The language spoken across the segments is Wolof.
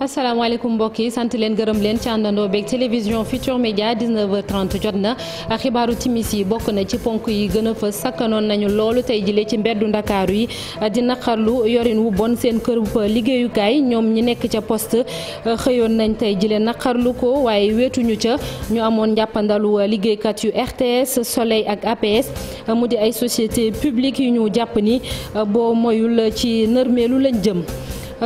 asalaamaaleykum mbokk yi sant leen gërëm leen ci àndandoo beeg télévision Futur Média 19h30 jot na xibaaru timis yi bokk na ci ponk yi gën a fës sakkanoon nañu loolu tey jile ci mbeddu ndakaaru yi di naqarlu yorin wu bon seen kërub liggéeyukaay ñoom ñi nekk ca poste xëyoon nañ tey jile naqarlu ko waaye weetuñu ca ñu amoon njàppandalu liggéeykat yu RTS Soleil ak APS mu di ay société publique yu ñu jàpp ni boo moyul ci nërmeelu lañ jëm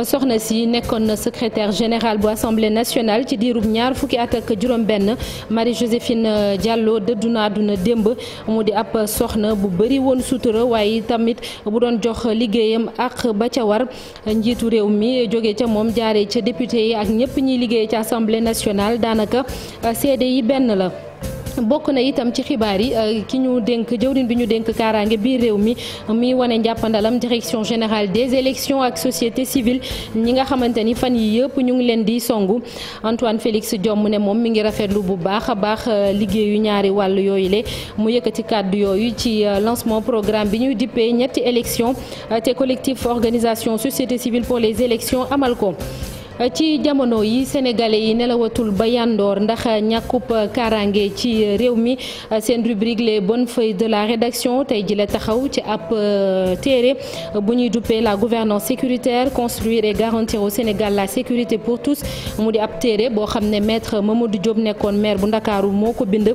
soxna si nekkoon na secretaire général bu assemblée national ci diirub ñaar fukki at ak juróom-benn Marie Joséphine euh, Diallo dëddu na adduna démb mu di ab soxna bu bëri woon sutura waaye tamit bu doon jox liggéeyam ak ba ca war njiitu réew mi jóge ca moom jaare ca député yi ak ñëpp ñuy liggéey ci assemblée nationale daanaka euh, seede yi benn la. bokk na itam ci xibaar yi euh, ki ñu dénk jëwrin bi ñu dénk kaaraange biir réew mi mi wane njàppandalam direction générale des élections ak société civile ñi nga xamante ni fan yi yëpp ñu ngi leen di songu Antoine Félix jomm ne moom mi ngi rafet lu bu baax a baax euh, liggéeyu ñaari wàll yooyu le mu yëkkati kàddu yooyu ci euh, lancement programme bi ñuy dippee ñetti élection te collectif organisation société civile pour les élections amal ko ci jamono yi sénégalais yi nelawatul ba yandoor ndax ñàkkub kaaraange ci réew mi seen rubrique les bonnes feuilles de la rédaction tey ji la taxaw ci ab euh, téere bu ñuy duppee la gouvernance sécuritaire construire et garantir au Sénégal la sécurité pour tous mu di ab téere boo xam ne maître Mamadou Diop nekkoon maire bu Ndakaaru moo ko bind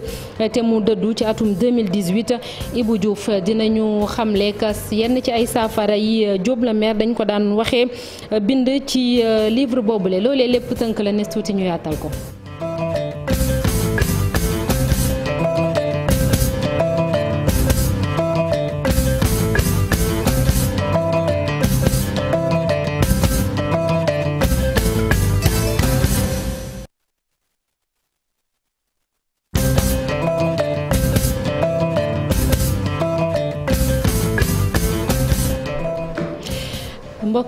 te mu dëddu ci atum 2018 Ibou Diouf dinañu xamle kas yenn ci ay saafara yi Diop la maire dañ ko daan waxee bind ci euh, livre boobule loolee lépp tënk la ne tuuti ñu yaatal ko.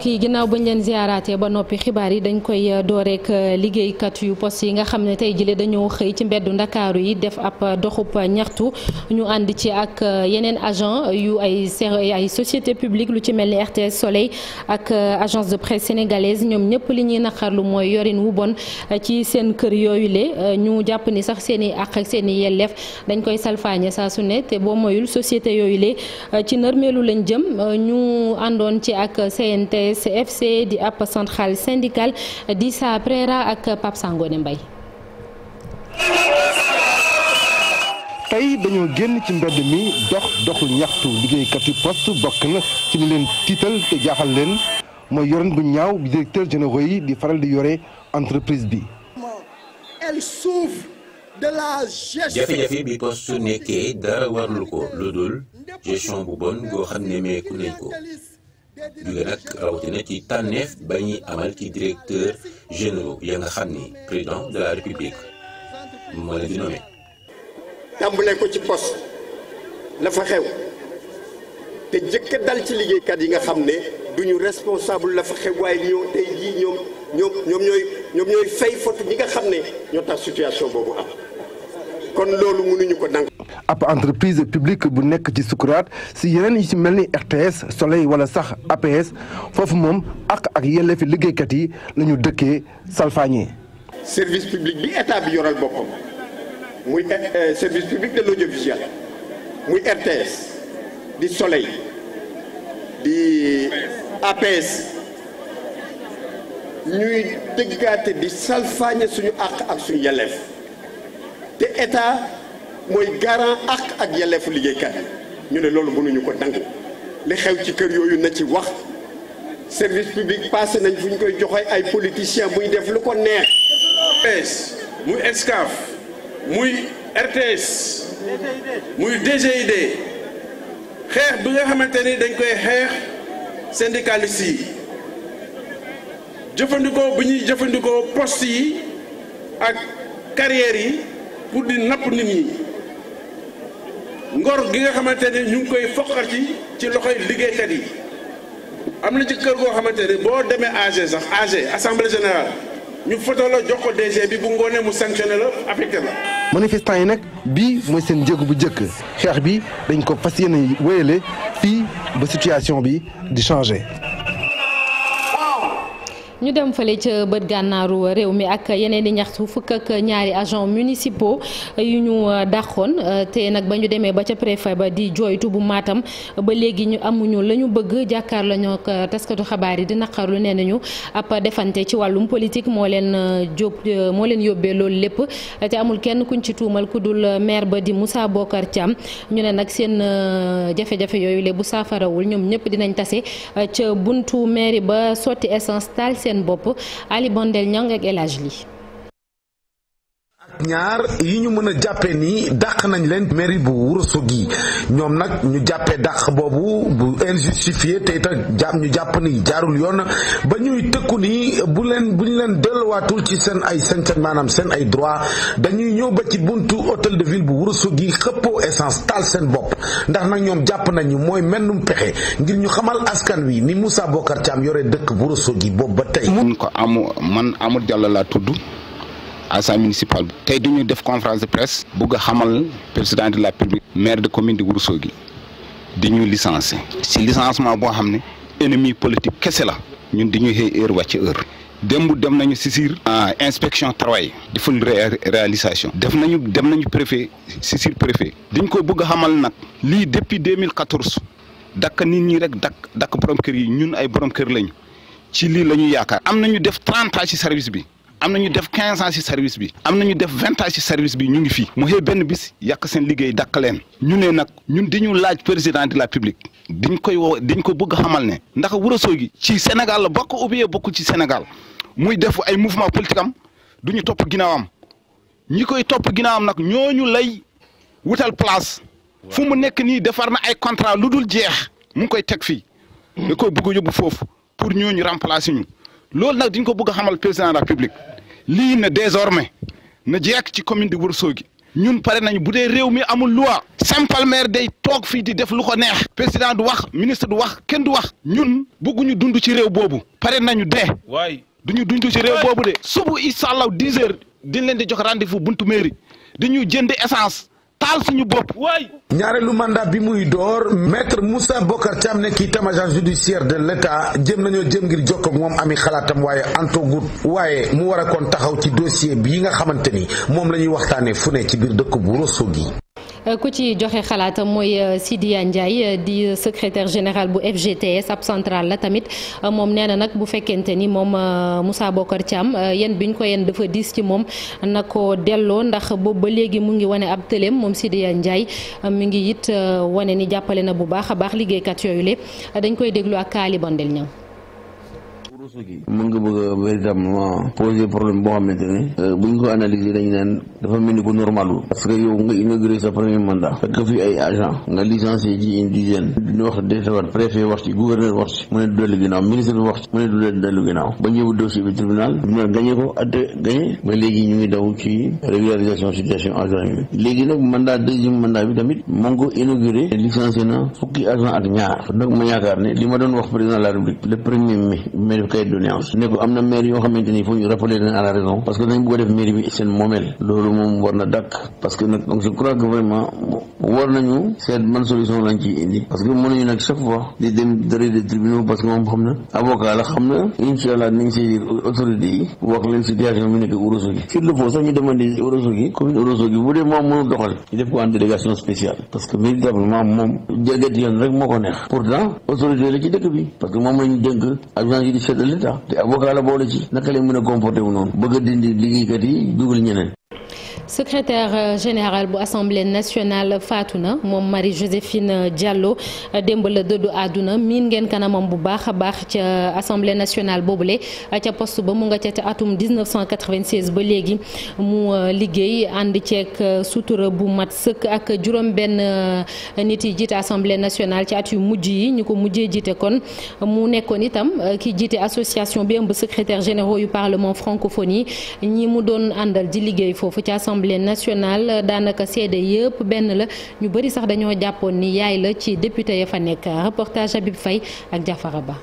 yi ginnaaw bañ leen ziaraatee ba noppi xibaar yi dañ koy euh, door euh, liggéeykat yu poste yi nga xam ne tey jile dañoo xëy ci mbeddu ndakaaru yi def ab euh, doxub ñaxtu ñu ànd ci ak yeneen agent yu ay ay société publique lu ci mel ni RTS Soleil ak agence de presse sénégalaise ñoom ñëpp li ñuy naqarlu mooy yorin wu bon ci seen kër yooyu le ñu jàpp ni sax seen i àq ak seen i yelleef dañ koy salfaañe saa su ne te boo moyul société yooyu le ci nërmeelu lañ jëm ñu àndoon CFC di ab centrale ak Pape Sangone Mbaye tey dañoo génn ci mbedd mi dox doxu ñaxtu liggéeykatu poste bokk na ci ñu leen tiital te jaaxal leen mooy yoren bu ñaaw bi directeur généraux yi di faral di yore entreprise bi. elle souffre jafe-jafe bi poste nekkee dara warlu ko lu gestion bu bon goo xam ne meeku nañ ko. yooyu nag rawatina ci tànneef ba ñuy amal ci directeur généraux ya nga xam ni président de la république moo leen di nommé. tàmbale ko ci poste la fa xew te jëkk dal ci liggéeykat yi nga xam ne duñu responsable la fa xew waaye ñoom ñoom ñooy ñoom ñooy fay ñi nga xam ne ñoo tax situation boobu am. kon loolu mënuñu ko dànk. ab entreprise publique bu nekk ci sukuraat si yeneen yu ci mel ni RTS Soleil wala sax APS foofu moom ak ak yelleefi liggéeykat yi la ñu dëkkee salfaañee. service public bi état bi yoral boppam muy eh, eh, service muy RTS di Soleil di APS. ñuy dëggaate di salfaañe suñu àq ak suñu yelleef te état mooy garant ak ak yelleefu liggéeykat ñu ne loolu mënuñu ko nangu li xew ci kër yooyu na ci wax service public passé nañ fu ñu koy joxe ay politiciens buy def lu ko neex. muy Excaf muy RTS muy DGID xeex bi nga xamante ni dañ koy xeex syndicalistes yi jëfandikoo bi ñuy jëfandikoo poste yi ak carrière yi. pour di napp nit ñi ngor gi nga xamante ne ñu ngi koy foqar ci ci loxoy liggéeykat yi am na ci kër goo xamante ne boo demee AG sax AG assemblée générale ñu foto la jox ko DG bi bu ngoonee mu sanctionné la affecté la. manifestant yi nag bii mooy seen jéego bu njëkk xeex bi dañ ko fas yéene wéyale fii ba situation bi di changé. ñu dem fële ca bët gànnaaru réew mi ak yeneen i ñaxtu fukk ak ñaari agents municipaux yu ñu euh, dàqoon euh, te nag ba ñu demee ba ca préfet ba di jooytu bu maatam ba léegi ñu amuñu la ñu bëgg jàkkaar lañu ak taskatu xabaar yi di naqarlu nee nañu ab defante ci wàllum politique moo leen euh, jóg moo leen yóbbee loolu lépp te amul kenn kuñ ci tuumal ku dul maire ba di Moussa Bokar Thiam ñu ne nag seen jafe-jafe yooyu le bu saafarawul ñoom ñëpp dinañ tase ca buntu maire ba sotti seen bopp Ali Bandel Niang ak El Hadj Ly ñaar yi ñu mën a jàppe nii dàq nañ leen mairie bu Ourossogui ñoom nag ñu jàppee dàq boobu bu injustifié tey itam jàpp ñu jàpp ni jaarul yoon ba ñuy tëkku nii bu leen bu ñu leen delluwaatul ci seen ay sañ-sañ maanaam seen ay droit dañuy ñëw ba ci buntu hôtel de ville bu gi xëppoo essence taal seen bopp ndax nag ñoom jàpp nañu mooy mennum pexe ngir ñu xamal askan wi ni Moussa Bocar am yore dëkk bu gi boobu ba tey. mun ko amu man amu Diallo laa tudd. assemblée municipale bi tey du def conférence de presse bugg a xamal président de la République maire de commune de Ourossogui di ñu licencié si licenciement boo xam ne ennemi politique kese la ñun di ñu xëy heure wàcc heure démb dem nañu saisir inspection travail deful réalisation def nañu dem nañu préfet saisir préfet diñ ko bëgg a xamal nag lii depuis 2014 dakk nit ñi rek dakk dakk borom kër yi ñun ay borom kër lañu ci lii la ñu yaakaar am nañu def 30 ans ci service bi am na ñu def quinze ans ci service bi am na ñu def vingt service bi ñu ngi fii mu xëy benn bis yàq seen liggéey dàq leen ñu ne nag ñun dañu laaj président de la République diñ koy woo diñ ko bëgg xamal ne ndax Ourossogui ci Sénégal la bokk ou bokkul ci Sénégal muy def ay mouvement politique am du ñu topp ginnaawam ñi koy topp ginnaawam nag ñooñu lay wutal place. fu mu nekk nii defar na ay contrat lu dul jeex mu ngi koy teg fii. da koy bëgg a yóbbu foofu pour ñooñu remplacer ñu. loolu nag diñ ko bëgg a xamal président de la République lii na désormais na jekk ci commune de Ourossogui ñun pare nañu bu dee réew mi amul loi simple maire day toog fii di def lu ko neex président du wax ministre du wax kenn du wax ñun bëgguñu dund ci réew boobu pare nañu dee waay duñu dund ci réew boobu de subu incha allah dix heures diñ leen di jox rendez-vous buntu mairie di ñu jëndi essence taal suñu bopp waay. ñaareelu mandat bi muy door maître Moussa Bocar Thiam nekk itam agent judiciaire de l' état jëm nañoo jëm ngir jokk ak moom ami xalaatam waaye antogut waaye mu war a kon taxaw ci dossier bi yi nga xamante ni moom la ñuy waxtaanee fu ne ci biir dëkk bu Rosso gi. Euh, ku ci joxe xalaatam mooy euh, Sidiya Ndiaye euh, di secretaire général bu FGTS ab central la tamit moom nee na nag bu fekkente ni moom Moussa Bokar Thiam yen bi ñu ko yen dafa diis ci moom na ko delloo ndax boobu ba léegi mu ngi wane ab tëleem moom Sidiya Ndiaye mi ngi it wane ni jàppale na bu baax a baax liggéeykat yooyu le dañ koy déglu ak Kaali Bandel mën nga bëgg a véritablement poser problème boo xamante ne euh, bu ñu ko analyser dañu naan dafa mel ni ko normalul parce que yow nga inauguré sa premier mandat fekk fi ay agent nga licencié ci une dizaine ñu wax détawaat préfet wax ci gouverneur wax ci mu ne du dellu ginnaaw ministre wax ci mu ne du dellu ginnaaw ba ñëw dossier bi tribunal tribunal ko atte gagné ba léegi ñu ngi daw ci régularisation situation agent yi léegi nag mandat deuxième mandat li ma doon kayit am na maire yoo xamante ni il ñu rappeler leen la raison parce que dañ bëgg def mairie bi seen moomeel loolu moom war na dakk parce que nag moom xam na avocat la xam na incha allah nañ saisir autorité yi wax leen situation bu dee moom mënu doxal ñu def ko en délégation spéciale parce que véritablement moom jagati rek moo ko neex pourtant autorité ci dëkk bi parce que moom lañ dénk agence judiciaire li tax ah. te avocat la boole ci mën a comporté wu noonu bëgg a dindi liggéeykat yi dugal ñeneen secretaire euh, général bu assemblée nationale faatu na moom Marie Joséphine euh, Diallo euh, démb la dëddu àdduna miin ngeen kanamam bu baax a baax ca assemblée nationale boobule ca post ba mu nga ca atum 1996 ba léegi mu liggéey ànd ceeg sutura bu mat sëkk ak juróom-benn nit yi jiite assemblée nationale ci at yu mujj yi ñu ko mujjee jiite kon mu nekkoon itam ki jiite association bi ëmb secrétaire générau yu parlement francophonie ñi mu doon àndal di liggéey foofu assemblée nationale daanaka seede yëpp benn la ñu bëri sax dañoo jàppoon ni yaay la ci député ya fa nekk reportage Habib Faye ak Jafara Ba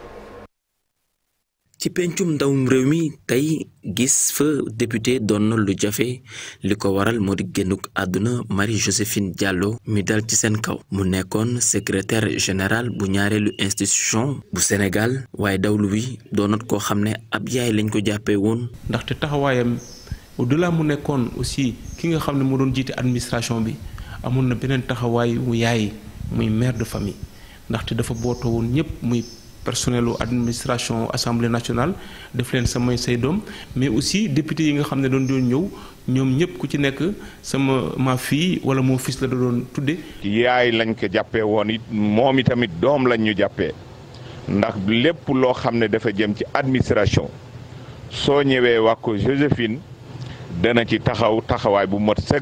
ci pencum ndawum réew mi tey gis fa député doon lu jafe li ko waral moo di génnuk àdduna Marie Joséphine Diallo mi dal ci seen kaw mu nekkoon secretaire général bu ñaareelu institution bu Sénégal waaye dawlu wi doonat koo xam ne ab yaay lañ ko jàppee woon au-delà mu nekkoon aussi ki nga xam ne moo doon jiite administration bi amoon na beneen taxawaay mu yaay muy mère de famille ndaxte dafa bootoo woon ñëpp muy personnelu administration assemblée nationale def leen samay say doom mais aussi député yi nga xam ne doon doon ñëw ñoom ñëpp ku ci nekk sama ma fille wala moo fils la doon tudde yaay lañ ko jàppee woon it moom itamit doom lañ ñu jàppee ndax lépp loo xam ne dafa jëm ci administration soo ñëwee wax dana ci taxaw taxawaay bu mot sëg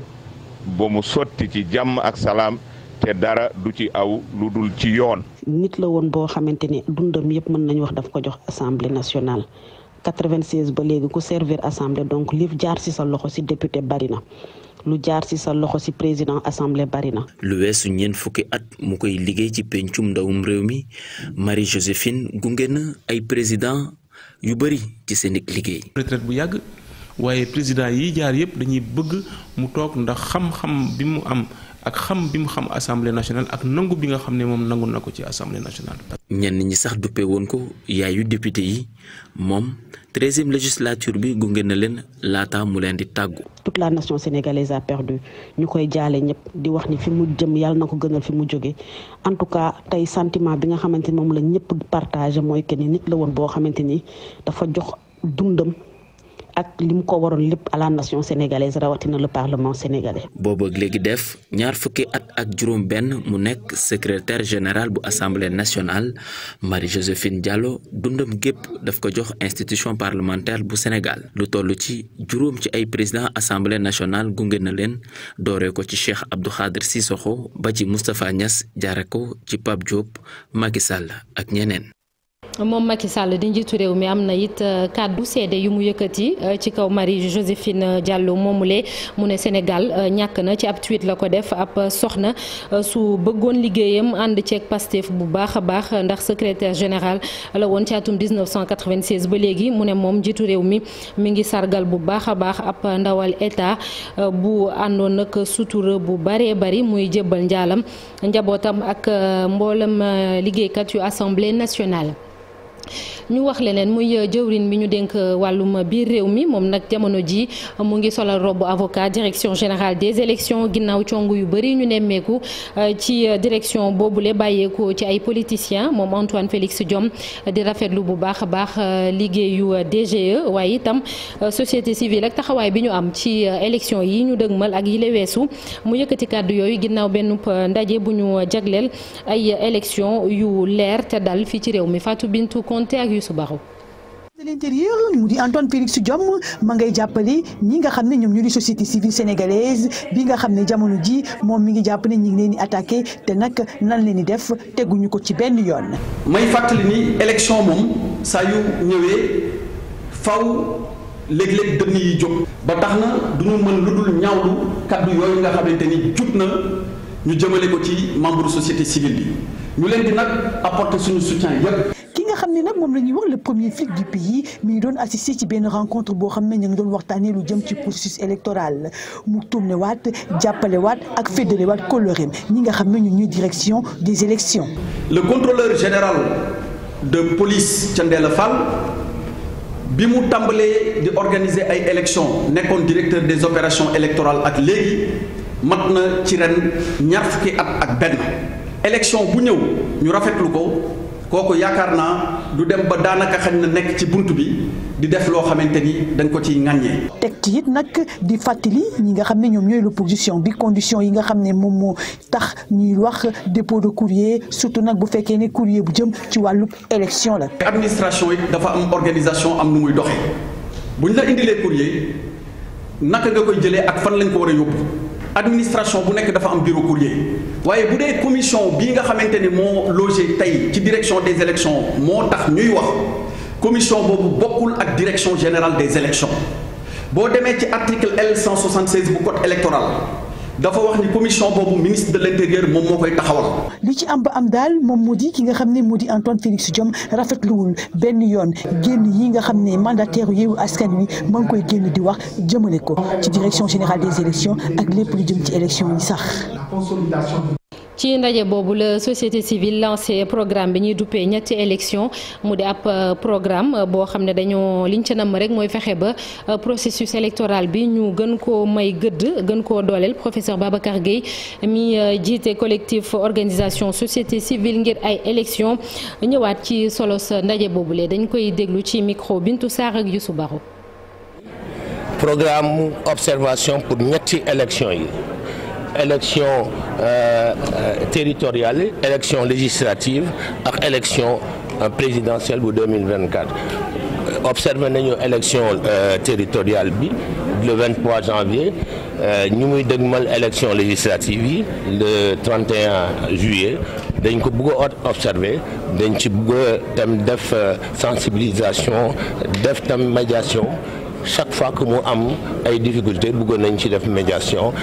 ba mu sotti ci jàmm ak salaam te dara du ci aw lu dul ci yoon. nit la woon boo xamante ni dundam yëpp mën nañu wax daf ko jox assemblée nationale 96 ba léegi ku servir assemblée donc li jaar si sa loxo si député bari na. lu jaar ci sa loxo si président assemblée bari na. lu weesu ñeent fukki at mu koy liggéey ci pencum ndawum réew mi Marie Joséphine gunge na ay président yu bari ci seen liggéey. retraite bu yàgg. waaye président yi jaar yëpp dañuy bëgg mu toog ndax xam-xam bi mu am ak xam bi mu xam assemblée nationale ak nangu bi nga xam ne moom nangu na ko ci assemblée nationale. ñenn ñi sax duppe woon ko yaayu député yi moom treizième législature bi gunge na leen laata mu leen di tàggu. tout la nation sénégalaise a perdu ñu koy jaale ñëpp di wax ni fi mu jëm yàlla na ko gënal fi mu jóge en tout cas tey sentiment bi nga xamante ni moom la ñëpp partagé mooy que ni nit la woon boo xamante ni dafa jox dundam. ak li ko waroon lépp à la nation sénégalaise rawatina le parlement sénégalais. boobu ak léegi def ñaar fukki at ak juróom-benn mu nekk secrétaire général bu assemblée nationale Marie Joséphine Diallo dundam gépp daf ko jox institution parlementaire bu Sénégal lu toll ci juróom ci ay président assemblée nationale gunge na leen dooree ko ci Cheikh Abdou Khadre Sissoko ba ci Moustapha Niass jaare ko ci Pape Diop Macky Sall ak ñeneen. moom Macky Sall di njiitu réew mi am na it euh, kàddu seede yu mu yi euh, ci kaw Marie Joséphine euh, Diallo moomule mu ne Sénégal ñàkk na ci ab tweet la ko def ab soxna su bëggoon liggéeyam ànd ceeg Pastef bu baax a baax ndax secrétaire général la woon ci atum 1996 ba léegi mu ne moom njiitu réew mi mi ngi sargal bu baax a baax ab ndawal état bu àndoon nag sutura bu baree bari muy jébbal njaalam njabootam ak mboolam liggéeykat yu assemblée nationale ñu wax leneen muy euh, jëwrin bi ñu dénk euh, wàllum euh, biir réew mi moom nag jamono ji mu ngi solal robu avocat direction générale des élections ginnaaw cong yu bëri ñu nemmeeku ci direction boobu boobule bàyyeekoo ci ay politiciens moom Antoine Félix Diome di rafet lu bu baax a baax yu DGE waaye itam société civile ak taxawaay bi ñu am ci élection yi ñu dëgmal ak yile weesu mu yëkkati kàddu yooyu ginnaaw benn ndaje bu ñu jagleel ay élection yu leer te dal fii ci réew mi Konté ak Youssou Barro de l'intérieur mu di Antoine Félix Diome ma ngay jàppale ñi nga xam ne ñoom ñu di société civile sénégalaise bi nga xam ne jamono ji moom mi ngi jàpp ne ñi ngi leen di attaqué te nag nan leen di def teguñu ko ci benn yoon may fàttali ni élection moom saa yu ñëwee faw léeg-léeg dënn yi jóg ba tax na du ñu mën lu dul ñaawlu kaddu yooyu nga xamante ni jub na ñu jëmale ko ci membre société civile bi ñu leen di nag apporter suñu soutien yépp ki nga xam ne nag moom la ñuy wax le premier flic du pays mi ngi doon assisté ci benn rencontre boo xam ne ñu ngi doon waxtaanee lu jëm ci processus électoral mu tourné waat jàppale waat ak fédéré waat kóllëreem ñi nga xam ne ñu ñuy direction des élections le contrôleur général de police Thiendella Fall bi mu tàmbalee di organiser ay élections nekkoon directeur des opérations électorales ak léegi mat na ci ren ñaar fukki at ak benn élection bu ñëw ñu rafetlu ko kooku yaakaar naa du dem ba daanaka xañ na nekk ci bunt bi di def loo xamante ni dañ ko ciy ŋàññee. teg ci it nag di fàttali ñi nga xam ne ñoom ñooy l'opposition bi condition yi nga xam ne moom moo tax ñuy wax dépôt de courier surtout nag bu fekkee ne courrier bu jëm ci wàllu élection la. administration yi dafa am organisation am nu muy doxee bu ñu la indilee courrier naka nga koy jëlee ak fan lañ ko war yóbbu. administration bu nekk dafa am bureau courrier waaye bu dee commission bii nga xamante ne moo logé tey ci direction des élections moo tax ñuy wax commission boobu bokkul ak direction général des élections boo demee ci article L 176 bu code électoral dafa wax ni commission boobu ministre de l'intérieur moom moo koy taxawal. li ci am ba am daal moom moo di ki nga xam ne moo di Antoine Félix Diome rafetluwul benn yoon génn yi nga xam ne mandataire Yewwi Askan Wi maa ngi koy génn di wax jëmale ko ci direction générale des élections ak lépp lu jëm ci élections yi sax. ci ndaje boobu la société civile lancé programme bi ñuy duppee ñetti élection mu di ab euh, programme euh, boo xam ne dañoo liñ ca namm rek mooy fexe ba euh, processus électoral bi ñu gën koo may gëdd gën koo dooleel professeur Babacar Gueye mi jiite collectif organisation société civile ngir ay élection ñëwaat ci solo sa ndaje boobule dañ koy déglu ci micro Bintu Sarr ak Youssou Baro programme observation pour ñetti élection yi élection euh, euh, territoriale élection législative ak élection euh, présidentielle bu 2024 observé nañu élection territoriale bi le 23 janvier ñu muy dëgmal élection législative yi le 31 juillet dañ ko bëgg a observé dañ ci bëgg a def sensibilisation def tam médiation chaque fois que mu am ay difficultés bëggoon nañ ci def médiation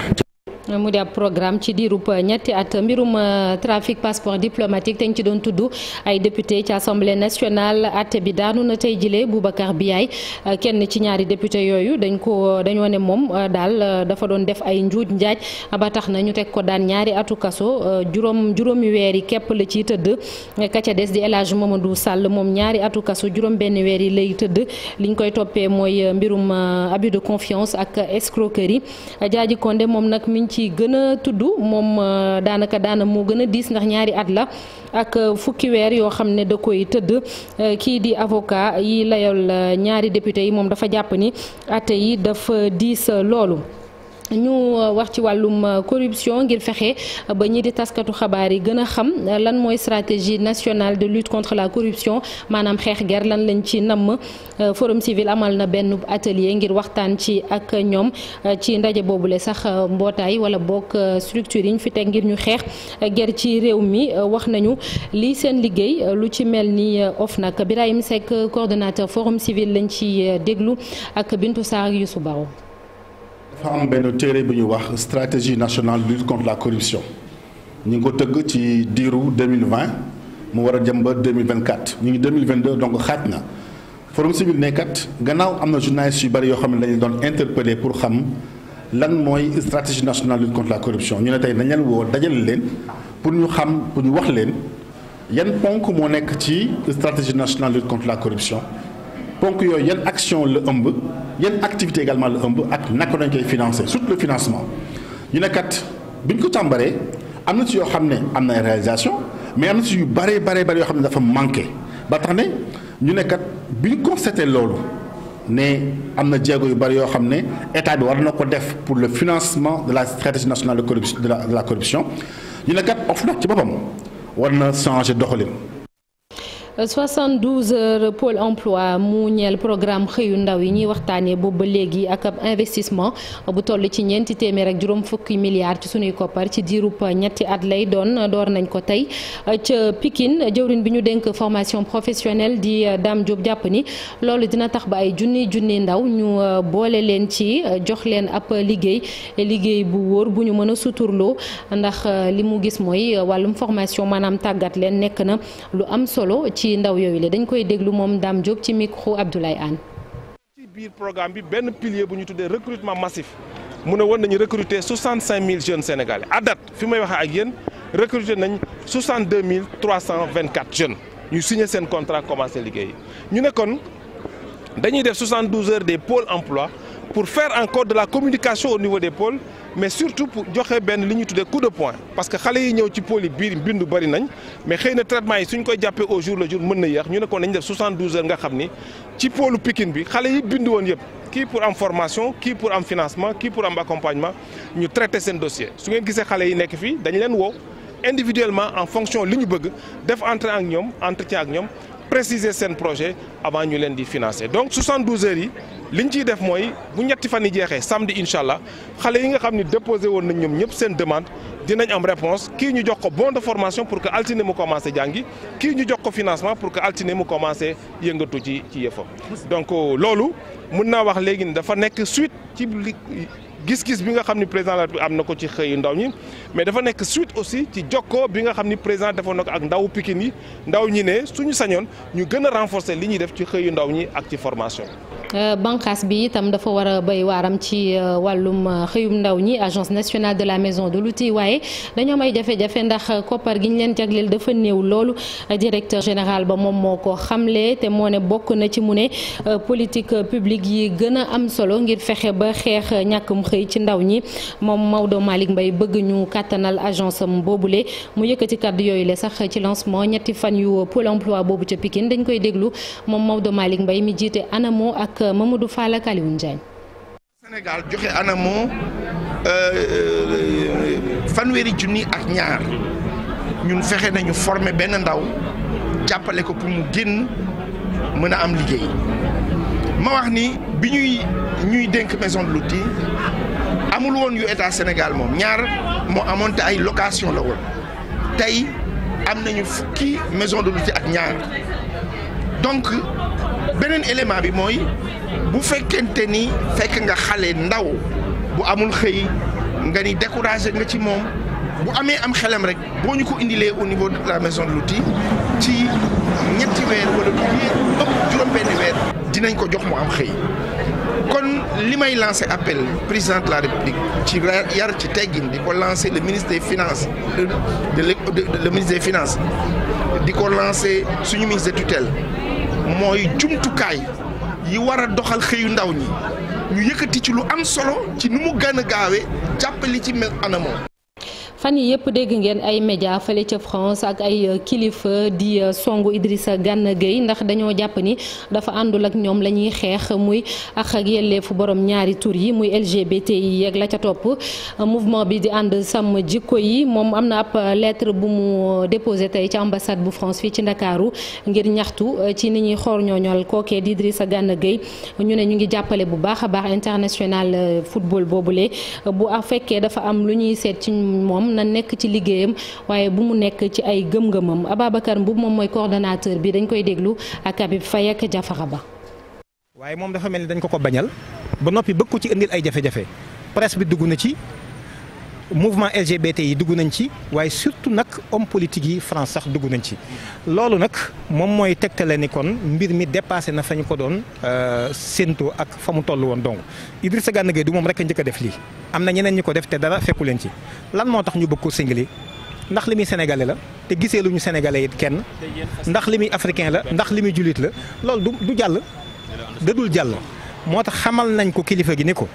mu di ab programme ci diirub ñetti at mbirum euh, trafic passeport diplomatique te ñu ci doon tudd ay député ci assemblée nationale at bi daanu na tey jilee bu jile Boubacar yaay euh, kenn ci ñaari député yooyu dañ ko dañoo ne moom euh, daal dafa doon def ay njuuj njaaj ba tax na ñu teg ko daan ñaari atu kaso juróom juróomi weer yi képp la ciy tëdd ka ca des di El Hadj Mamadou Sall moom ñaari atu kaso juróom benn weer yi lay tëdd liñ koy toppee mooy mbirum abus de confiance ak escroquerie Diadji ci gën a tudd moom euh, daanaka daana moo gën a diis ndax ñaari at la ak euh, fukki weer yoo xam ne da koy tëdd euh, kii di avocat yi layal ñaari député yi moom dafa jàpp ni atte yi dafa diis loolu ñu euh, wax ci wàllum euh, corruption ngir fexe euh, ba ñi di taskatu xabaar yi gën a xam lan mooy stratégie nationale de lutte contre la corruption maanaam xeex ger lan lañ ci namm forum civil amal na benn atelier ngir waxtaan ci ak ñoom ci ndaje boobule sax mbootaay wala bokk structure yi ñu fi teg ngir ñu xeex ger ci réew mi wax nañu li seen liggéey lu ci mel ni OFNAC Birahim Seck coordonnateur forum civil lañ ci déglu ak bintu Sarr ak Youssou Baro dafa am bu ñu wax stratégie nationale lutte contre la corruption ñu ngi ko tëgg ci diiru 2020 mu war a jëm ba 2024 ñu ngi 2022 donc xaaj na forum civil nekkat gannaaw am na journalistes yu bëri yoo xam ne dañu doon interpellé pour xam lan mooy stratégie nationale lutte contre la corruption ñu ne tey dañ leen woo leen pour ñu xam pour ñu wax leen yan ponk moo nekk ci stratégie nationale lutte contre la corruption ponk yooyu yan action la ëmb yan activité également la ëmb ak naka lañ koy financer surtout le financement ñu ne kat bi ñu ko tàmbalee am na si yoo xam ne am na réalisation mais am na si yu bare bare bare yoo xam ne dafa manqué ba tax ne ñu ne kat bi ñu constaté loolu ne am na jéego yu bari yoo xam ne état bi war na ko def pour le financement de la stratégie nationale de corruption de la de la corruption ñu ne kat OFNAC ci boppam war na changer doxalin. 72 heures pôle emploi mu ñeel programme xëyu ndaw yi ñuy waxtaanee boobu ba léegi ak ab investissement bu toll ci ñeenti téeméer ak juróom fukki milliards ci sunuy koppar ci di diirub ñetti at lay doon door nañ ko tey ca Pikine jëwriñ bi ñu denk formation professionnelle di daam Diop jàpp ni loolu dina tax ba ay junni junni ndaw ñu euh, boole leen ci euh, jox leen ab liggéey liggéey bu wóor bu ñu mën a suturloo ndax euh, li mu gis mooy wàllum formation maanaam tàggat leen nekk na lu am solo. ci ndaw yooyu la dañ koy déglu moom Dame Diop ci micro Abdoulaye Anne. ci biir programme bi benn pilier bu ñu tuddee recrutement massif mu ne woon nañu recruter 65000 jeunes sénégalais à date fi may waxee ak yéen recruter nañ deux mille cent vingt 324 jeunes ñu signé seen contrat commencé liggéey ñu ne kon dañuy def 72 heures des pôles emplois pour faire encore de la communication au niveau des pôles mais surtout pour joxe benn li ñuy tuddee coup de poing parce que xale yi ñëw ci pôle yi biir bindu bëri nañ mais xëy na traitement yi suñ koy jàppee au jour le jour mën na yéex ñu ne ko nañ def 72 heures nga xam ni ci pôlu Pikine bi xale yi bindu woon yëpp kii pour am formation kii pour am financement kii pour am accompagnement ñu traité seen dossier su ngeen gisee xale yi nekk fii dañ leen woo individuellement en fonction li ñu bëgg def entretien ak ñoom entretien ak ñoom préciser seen projet avant ñu leen di financer donc 72 heures yi li ñu ciy def mooy bu ñetti fan yi jeexee samedi incha xale yi nga xam ni déposé woon nañ ñoom ñëpp seen demande dinañ am réponse kii ñu jox ko bon formation pour que altine mu commencé jàngi kii ñu jox ko financement pour que altine mu commencé yëngatu ci ci yëfam donc euh, loolu mun naa wax léegi ni dafa nekk suite ci gis-gis bi nga xam ni président la am ko ci xëyu ndaw ñi mais dafa nekk suite aussi ci jokkoo bi nga xam ni président defoon na ko ak ndaw Pikine yi ndaw ñi ne suñu sañoon ñu gën a renforcer li ñuy def ci xëyu ndaw ñi ak ci formation euh, banqaas bi itam dafa war a béy waaram ci euh, wàllum euh, xëyum ndaw ñi agence nationale de la maison de l'outil waaye dañoo may ay jafe-jafe ndax koppar gi ñu leen jagleel dafa néew loolu directeur général ba moom moo ko xamle te moo ne bokk na ci mu ne politique publique yi gën a am solo ngir fexe ba xeex ñàkkum xëy ci ndaw ñi moom Maodo Malick mbay bëgg ñu kàttanal agence boobu le mu yëkkati kàddu yooyu le sax ci lancement ñetti fan yu pôle emploi boobu ca Pikine dañ koy déglu moom Maodo Malick mbay mi jiite ANAMO ak Mamadou Fall ak Alioune Diagne. Sénégal joxe ANAMO euh, fanweeri junni ak ñaar ñun fexe nañu former benn ndaw jàppale ko pour mu génn mën a am liggéey ma wax ni bi ñuy ñuy dénk maison de l'outil amul woon yu état Sénégal moom ñaar moo amoon ay location la woon tey am nañu fukki maison de l'outil ak ñaar donc beneen élément bi mooy bu fekkente ni fekk nga xale ndaw bu amul xëy nga ni découragé nga ci moom bu amee am xelam rek boo ñu ko indilee au niveau de la maison de l'outil ci ñetti weer wala du ëpp juróom-benn weer dinañ ko jox mu am xëy kon li may lancé appel président de la république ci yar ci teggin di ko lancé le ministre finance finances de le ministre des di ko lancé suñu ministre de tutelle mooy jumtukaay yi war a doxal xëyu ndaw ñi ñu yëkkati ci lu am solo ci ni mu gën a gaawee jàppali ci mel anamoo fan yi yëpp dégg ngeen ay média fële ca France ak ay euh, kilifa di euh, songu Idrissa Gana Gueye ndax dañoo jàpp ni dafa àndul ak ñoom lañuy xeex muy ak ak yelleefu borom ñaari tur yi muy LGBT yi yeeg la ca topp euh, mouvement bi di ànd sàmm jikko yi moom am na ab lettre bu mu déposé tey ci ambassade bu France fii ci Ndakaaru ngir ñaxtu ci ni ñuy xool ñooñol kookee di sa Gana Gueye ñu ne ñu ngi jàppale bu baax a baax international football boobule bu fekkee dafa am lu ñuy seet ci moom moom na nekk ci liggéeyam waaye bu mu nekk ci ay gëm-gëmam Ababacar Mboub moom mooy coordonnateur bi dañ koy déglu ak Habib Faye ak Jafara Ba. waaye moom dafa mel ni dañ ko ko bañal ba noppi bëgg ko ci indil ay jafe-jafe presse bi dugg na ci mouvement LGBT yi dugg nañ ci waaye surtout nag homme politique yi France sax dugg nañ ci loolu nag moom mooy tegtale ni kon mbir mi dépassé na fa ñu ko doon euh, séentoo ak fa mu toll woon donc Idrissa Gana Gueye du moom rek a njëkk a def lii am na ñeneen ñu ko def te dara fekku leen ci lan moo tax ñu bëgg ko singale ndax li muy sénégalais la te gisee lu ñu sénégalais it kenn ndax li muy africain la ndax li muy jullit la loolu du du jàll dadul jàll moo tax xamal nañ ko kilifa gi ni ko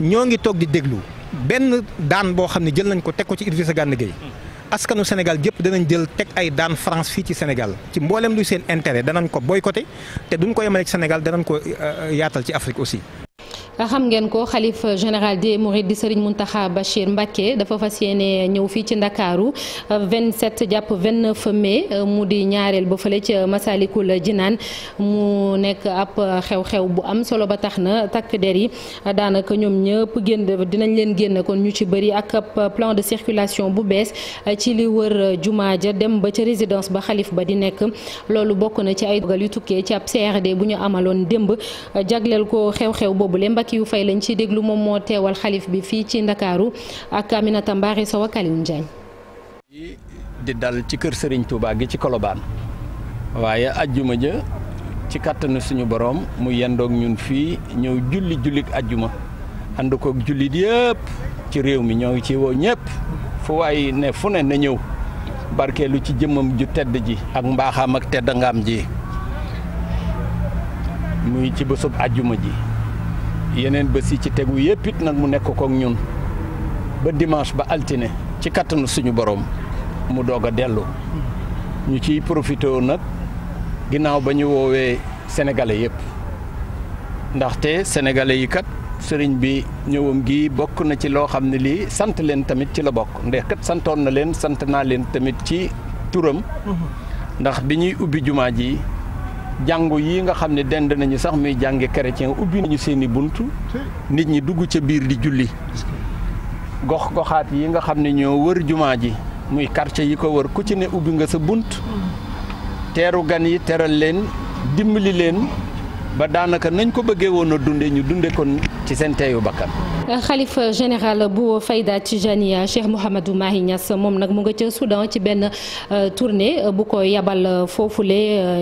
ñoo ngi toog di déglu benn daan boo xam ne jël nañ ko teg ko ci Idrissa Gana Gueye askanu Sénégal gépp danañ jël teg ay daan France fii ci Sénégal ci mboolem luy seen intérêt danañ ko boycotté te duñ ko yemale ci Sénégal danañ ko euh, yaatal ci Afrique aussi xam ngeen ko xalif général des Mourides di Serigne Mountakha Bachir Mbacké dafa fas yéene ñëw fii ci Ndakaaru 27 jàpp 29 mai mu di ñaareel ba ci ca Masalikul Jinaan mu nekk ab xew-xew bu am solo ba tax na takk der yi daanaka ñoom ñëpp génn dinañ leen génn kon ñu ci bëri ak ab plan de circulation bu bees ci li wër jumaa ja dem ba ca résidence ba xalif ba di nekk loolu bokk na ci ay dogal yu tukkee ci ab CRD bu ñu amaloon démb jagleel ko xew-xew boobu Akiou fay lañ ci déglu moom moo teewal xalif bi fii ci Ndakaaru ak Aminata Mbaari Sow ak Aliou di dal ci kër sëriñ Touba gi ci kolobaan waaye ajjuma ja ci kàttanu suñu boroom mu yendoog ñun fii ñëw julli jullik ajjuma ànd koog jullit yëpp ci réew mi ñoo ngi ci woo ñépp fu waay ne fu ne na ñëw barkeelu ci jëmmam ju tedd ji ak mbaaxaam ak tedd ngaam ji muy ci bésub ajjuma ji yeneen bés yi ci tegu yëpp it nag mu nekk kook ñun ba dimanche ba altine ci kattanu suñu borom mu doog a dellu ñu ciy profité nag ginnaaw ba ñu woowee sénégalais yëpp ndaxte sénégalais yi kat sëriñ bi ñëwam gi bokk na ci loo xam ne lii sant leen tamit ci la bokk ndax kat santoon na leen sant naa leen tamit ci turam mhm. ndax bi ñuy ubbi jumaa ji jàngu yi nga xam ne dend nañu sax muy jàngi chrétien ubbi nañu seeni bunt nit ñi dugg ca biir di julli gox goxaat yi nga xam ne ñoo wër jumaa ji muy quartier yi ko wër ku ci ne ubbi nga sa bunt hmm. teeru gan yi teral leen dimbali leen ba daanaka nañ ko bëggee woon a dunde ñu dunde kon ci seen teeyu bakkan xalif général bu Fayda Tijaniya Cheikh Mouhamadou Mahi ñas moom nag mu nga ca sudan ci benn euh, tournée euh, bu ko yabal euh, foofule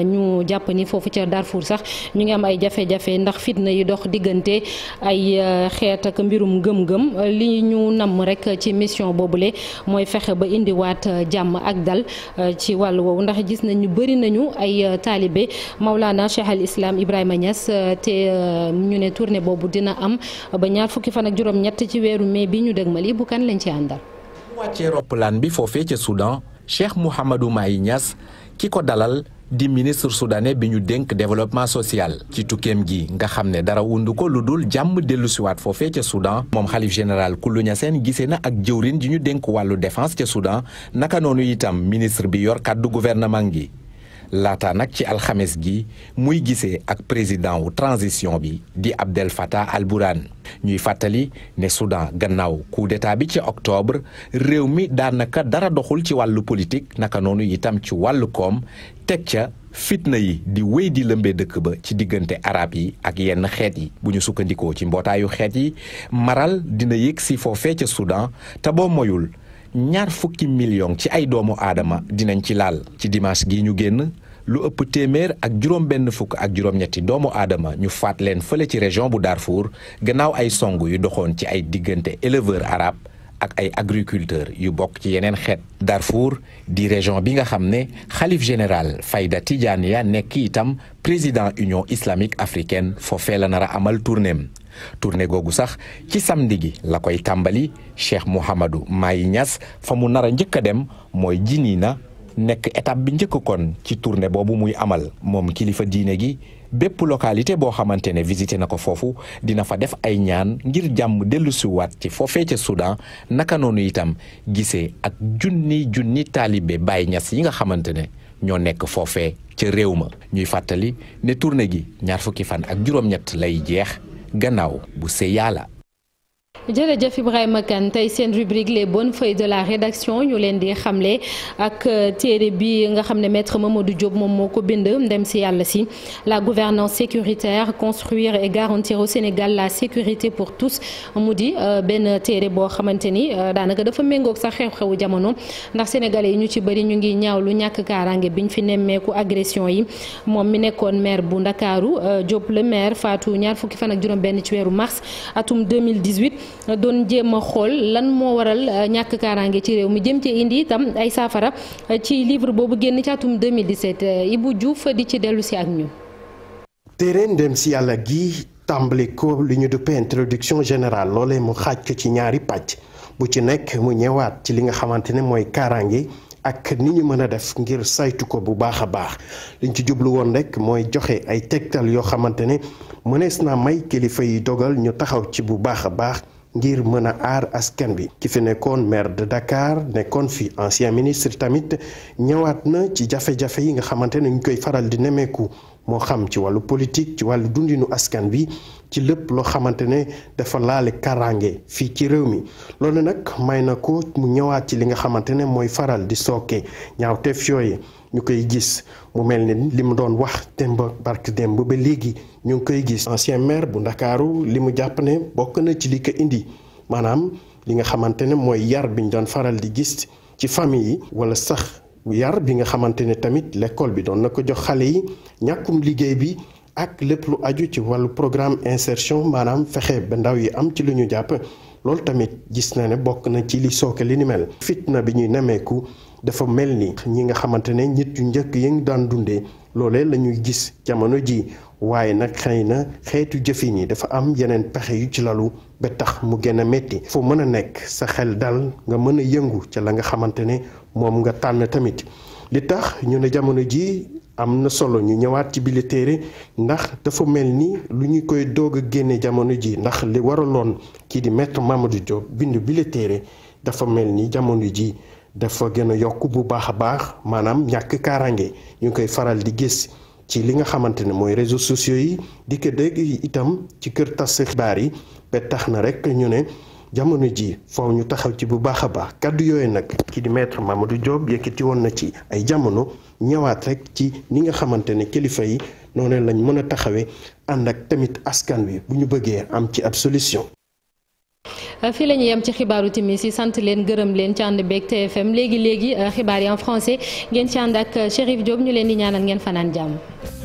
ñu jàpp ni foofu ca Darfour sax ñu ngi am ay jafe-jafe ndax fitna yi dox diggante ay xeet ak mbirum gëm-gëm li ñu namm rek ci mission boobule mooy fexe ba indiwaat jàmm ak dal ci wàll woowu ndax gis ñu bëri nañu ay taalibe Maulana Cheikh al Islam Ibrahima ñas te ñu ne tournée boobu dina am ba ñaar fukki fan ak ci weeru mai bi ñu dëgmal bu kan lañ ci àndal. bu wàccee roppalaan bi foofee ca Soudan Cheikh Mouhamadou yi ñas ki ko dalal di ministre soudanais bi ñu dénk développement social. ci tukkeem gi nga xam ne dara wund ko lu dul jàmm dellusiwaat foofee ca Soudan moom xalif général Kulu Ñaseen gisee na ak jëwrin ji ñu dénk wàllu défense ca Soudan naka noonu itam ministre bi yor kàddu gouvernement gi. laata nag ci alxames gi muy gisee ak président wu transition bi di Abdel Fattah al-Burhan ñuy fàttali ne Soudan gannaaw coup bi ci octobre réew mi daanaka dara doxul ci wàllu politique naka noonu itam ci wàllu koom teg ca fitna yi di wéy di lëmbee dëkk ba ci diggante arab yi ak yenn xeet yi bu ñu sukkandikoo ci mbootaayu xeet yi maral dina yëg si foofee ca Soudan te boo moyul ñaar fukki million ci ay doomu aadama dinañ ci laal ci dimanche gi ñu génn lu ëpp téeméer ak juróom benn fukk ak juróom-ñetti doomu aadama ñu faat leen fële ci région bu Darfour gannaaw ay song yu doxoon ci ay diggante éleveur arabe ak ay agriculteur yu bokk ci yeneen xeet Darfour di région bi nga xam ne xalif général Fayda ya nekk itam président Union islamique africaine foofee la nar a amal tournéem tournée googu sax ci samedi gi la koy tàmbali Cheikh Mouhamadou Mahi ñas fa mu nar a njëkk a dem mooy na nekk étape bi njëkk kon ci tournée boobu muy amal moom kilifa diine gi bépp localité boo xamante ne visité na ko foofu dina fa def ay ñaan ngir jàmm dellusiwaat ci foofee ca Soudan naka noonu itam gisee ak junni junni taalibe Baay Ñas yi nga xamante ne ñoo nekk foofee ca réew ma ñuy fàttali ne tournée gi ñaar fukki fan ak juróom-ñett lay jeex gannaaw bu see yàlla jërëjëf Ibrahima Kane tey seen rubrique les bonnes feuilles de la rédaction ñu leen di xamle ak euh, téere bi nga xam ne maître du Diop moom moo ko bind ndem si yàlla si la gouvernance sécuritaire construire et garantir au Sénégal la sécurité pour tous mu di euh, benn téere boo xamante ni euh, daanaka dafa méngoog sax xew-xewu jamono ndax sénégalais yi ñu ci bëri ñu ngi ñaaw lu ñàkk kaaraange biñ fi nemmeeku agression yi moom mi nekkoon maire bu Ndakaaru Diop le maire faatu ñaar fukki fan ak juróom benn ci weeru mars atum 2018 doon jéem a xool lan moo waral euh, ñàkk kaaraange ci réew mi jëm ci indi itam ay saafara euh, ci livre boobu génn ci atum 2017 euh, Ibou Diouf di ci dellu si ak ñu téere ndem si yàlla gi tàmbali ko li ñu duppee introduction générale loolee mu xaaj ko ci ñaari pàcc bu ci nekk mu ñëwaat ci li nga xamante ne mooy kaaraange ak ni ñu mën a def ngir saytu ko bu baax a baax liñ ci jublu woon rek mooy joxe ay tegtal yoo xamante ne mënees naa may kilifa yi dogal ñu taxaw ci bu baax a baax ngir mën a aar askan bi ki fi nekkoon maire de Dakar nekkoon fi ancien ministre tamit ñëwaat na ci jafe-jafe yi nga xamante ne ñu koy faral di nemeeku moo xam ci wàllu politique ci wàllu dundinu askan bi ci lépp loo xamante ne dafa laale karaange fii ci réew mi loolu nag may na ko mu ñëwaat ci li nga xamante ne mooy faral di sooke ñaawteef yooyu ñu koy gis mu mel ni li mu doon wax démb barke démb ba léegi ñu ngi koy gis. ancien maire bu ndakaaru li mu jàpp ne bokk na ci li ko indi maanaam li nga xamante ne mooy yar bi ñu doon faral di gis ci famille yi wala sax yar bi nga xamante ne tamit lekkool bi doon na ko jox xale yi ñàkkum liggéey bi. ak lépp lu aju ci wàllu programme insertion maanaam fexe ba ndaw yi am ci lu ñu jàpp loolu tamit gis na ne bokk na ci li sooke li ni mel. fitna bi ñuy nemmeeku dafa mel ni ñi nga xamante ne ñit yu njëkk yi ñu daan dundee loolee la ñuy gis jamono ji waaye nag xëy na xeetu jëfin yi dafa am yeneen pexe yu ci lalu ba tax mu gën a metti foo mën a nekk sa xel dal nga mën a yëngu ca la nga xamante ne moom nga tànn tamit li tax ñu ne jamono ji am na solo ñu ñëwaat ci bile téere ndax dafa mel ni lu ñu koy doog a génne jamono ji ndax li waraloon kii di maître Mamadou Diop bind bile téere dafa mel ni jamono ji dafa gën a yokk bu baax a baax maanaam ñàkk kaaraange ñu koy faral di gis ci li nga xamante ne mooy réseau sociaux yi di ko dégg itam ci kër tas xibaar yi ba tax na rek ñu ne jamono ji foofu ñu taxaw ci bu baax a baax kàddu yooyu nag ki di maître Mamadou Diop woon na ci ay jamono ñëwaat rek ci ni nga xamante ne kilifa yi noonu lañ mën a taxawee ànd ak tamit askan wi bu ñu bëggee am ci ab solution. fii la ñu yem ci xibaaru timis yi sant leen gërëm leen ci ànd beeg TFM léegi léegi euh, xibaar yi en français ngeen ci ak euh, Chérif Diop ñu leen di ñaanal ngeen fanaan jàmm.